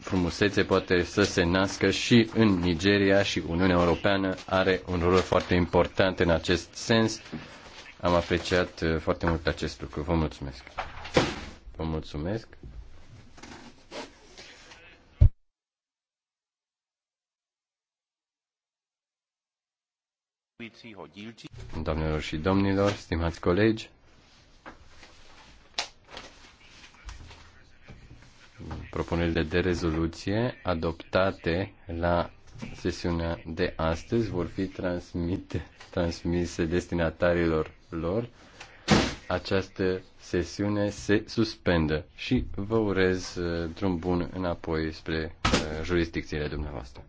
frumusețe poate să se nască și în Nigeria și Uniunea Europeană are un rol foarte important în acest sens. Am apreciat uh, foarte mult acest lucru. Vă mulțumesc. Vă mulțumesc. Doamnelor și domnilor, stimați colegi, propunerile de rezoluție adoptate la sesiunea de astăzi vor fi transmite, transmise destinatarilor lor. Această sesiune se suspendă și vă urez uh, drum bun înapoi spre uh, jurisdicțiile dumneavoastră.